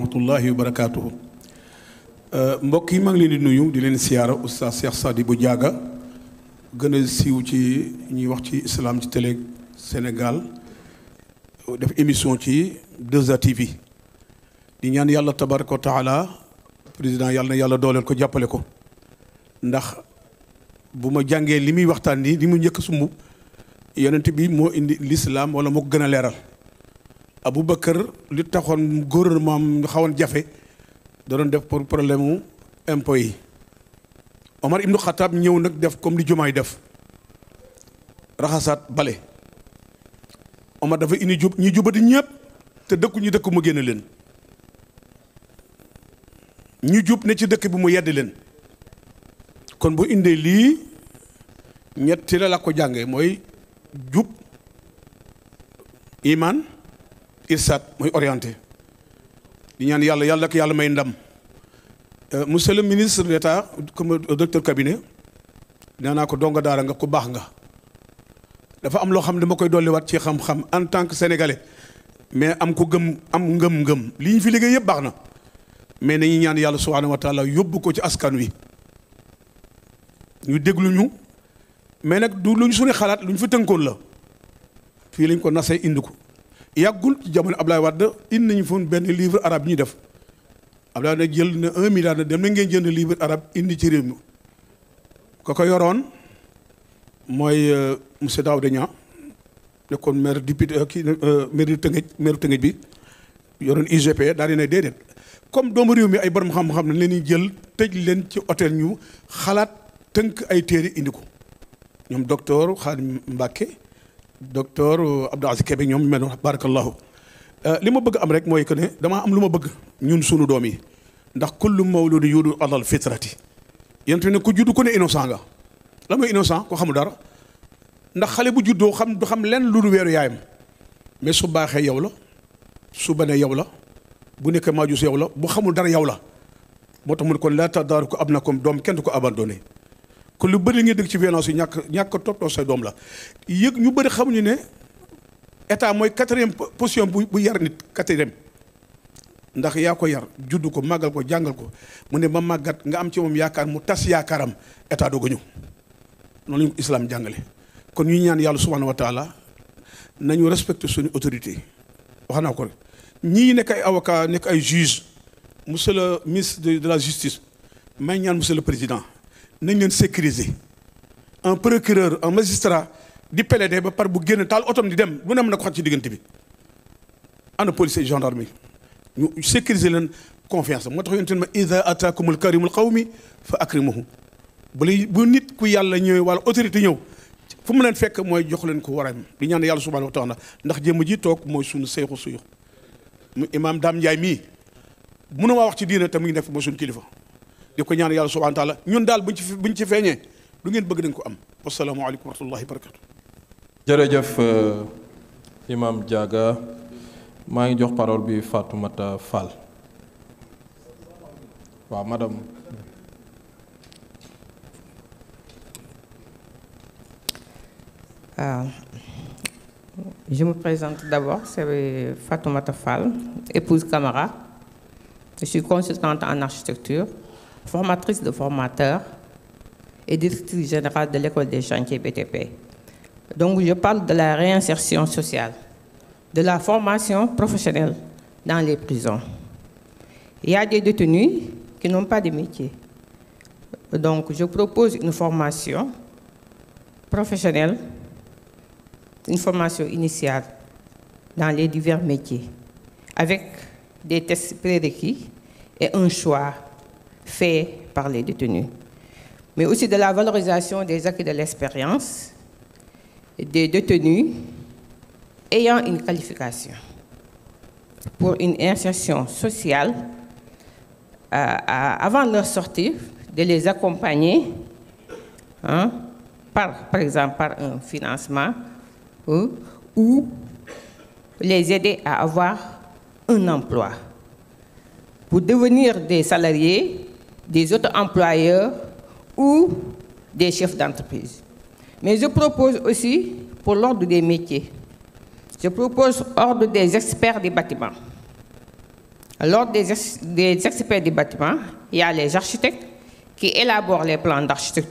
rahmatullahi wa barakaatuhu euh, mbokk yi maa ngi leen di nuyu di leen siyaara oustaz Cheikh Sadibou bu gën a siiw ci ñuy wax ci islam ci télé Sénégal def émission ci 2A TV di ñaan yàlla tabaraka wa taala président yàlla na yàlla dooleel ko jàppale ko ndax bu ma jàngee li muy waxtaan nii li mu njëkk sumb yonent bi moo indi l'islam wala moo ko gën a leeral abu Aboubacar li taxoon gouvernement am ñu xawoon jafe da def pour problème mu impôt yi Omar Ibn ñëw nag def comme li jumaay def raxasaat bale Omar dafa indi jub ñi jubati ñëpp te dëkku ñu dëkk mu génn leen ñu jub ne ci dëkk bi mu yedd leen kon bu indee lii ñetti la la ko jànge mooy jub imaan irsaat mooy orienté di ñaan yàlla yàlla ak yàlla may ndam euh, monsieur le ministre d'État comme euh, docteur cabinet nee naa ko donga daara nga ku baax nga dafa am loo xam ne dama koy dolliwaat ci xam-xam en tant que sénégalais mais am ko gëm am ngëm-ngëm li ñu fi liggéey yëpp baax na mais nañu ñaan yàlla subhaanahu wa taala yóbbu ko ci askan wi ñu déglu ñu mais nag du luñ suñu xalaat luñ fi tënkoon la fii lañ ko nasee indi ko yàggul ci jamono Abdoulaye Wade indi nañu foon benn livre arabe bi ñuy def Abdoulaye Wade jël na un milliard dem na ngeen jënd livre arabe indi ci réew mi ko ko yoroon mooy euh, monsieur Daouda Niang nekkoon mer député euh, kii euh, maire Tëngéej maire Tëngéej bi yoroon UGP daal di ne déedéet comme doomu réew mi ay borom xam-xam ne leen jël tëj leen ci hôtel ñu xalaat tënk ay téere indi ko ñoom docteur Khadim Mbacké docteur Abdou Aziz Kébé ñoom mel noonu barakallahu euh, li ma bëgg am rek mooy que ne damaa am lu ma bëgg ñun sunu doom yi ndax kullu mawludi yudu alal fitrati yent ne ku juddu ko ne innocent nga la mooy innocent ko xamul dara ndax xale bu juddoo xam du xam lenn lu dul weeru yaayam mais su baaxee yow la su banee yow la bu nekkee maajus yow la bu xamul dara yow la moo tax mu ne kon laa tadaaruku kom doom kenn du ko abandonné kon lu bëri li ngay dégg ci violence yi ñàkk ñàkk toppatoo say doom la yëg ñu bëri xamuñu ne état mooy quatrième position bu bu yar nit quatrième ndax yaa ko yar juddu ko màggal ko jàngal ko mu ne ma màggat nga am ci moom yaakaar mu tas yaakaaram état doog a ñëw noonu lañu islam jàngale kon ñu ñaan yàlla subhanahu wa taala nañu respecté suñu autorité wax naa ko rek ñii nekk ay avocat nekk ay juge monsieur le ministre de la justice may ñaan monsieur le président nañ leen sécuriser un procureur un magistrat di plaider ba par bu génn taal otom di dem lu nem na ko xat ci diggante bi ana policier gendarme ñu sécuriser leen confiance moo tax yonent ma ida ataakumul karimul qawmi fa akrimuhu bu lay bu nit ku yàlla ñëwee wala autorité ñëw fu mu leen fekk mooy jox leen ko waram di ñaan yàlla subhanahu wa na ndax jëmm ji toog mooy suñu seexu suyux mu imaam Dame Ndiaye mii mënu maa wax ci diina te mu ngi nekk mooy suñu kilifa di ko ñaan yàlla subhanahu taala ñun daal buñ ñu buñ ci feeñee lu ngeen bëgg dañ ko am wasalaamualeykum wa rahmatullahi wa barakatu jërëjëf euh, imam Diaga maa ngi jox parole bi Fatoumata waaw madame waaw euh, je me présente d'abord c'est euh, Fatoumata Fall épouse Camara je suis consultante en architecture formatrice de formateurs et directrice générale de l'école des chantiers BTP. Donc je parle de la réinsertion sociale, de la formation professionnelle dans les prisons. Il y a des détenus qui n'ont pas de métier. Donc je propose une formation professionnelle, une formation initiale dans les divers métiers, avec des tests prérequis et un choix faits par les détenus, mais aussi de la valorisation des acquis de l'expérience des détenus ayant une qualification pour une insertion sociale à, euh, à, avant leur sortie, de les accompagner hein, par, par exemple par un financement ou, ou les aider à avoir un emploi pour devenir des salariés des auto-employeurs ou des chefs d'entreprise. Mais je propose aussi pour l'ordre des métiers. Je propose ordre des experts des bâtiments. L'ordre des, ex des experts des bâtiments, il y a les architectes qui élaborent les plans d'architecture.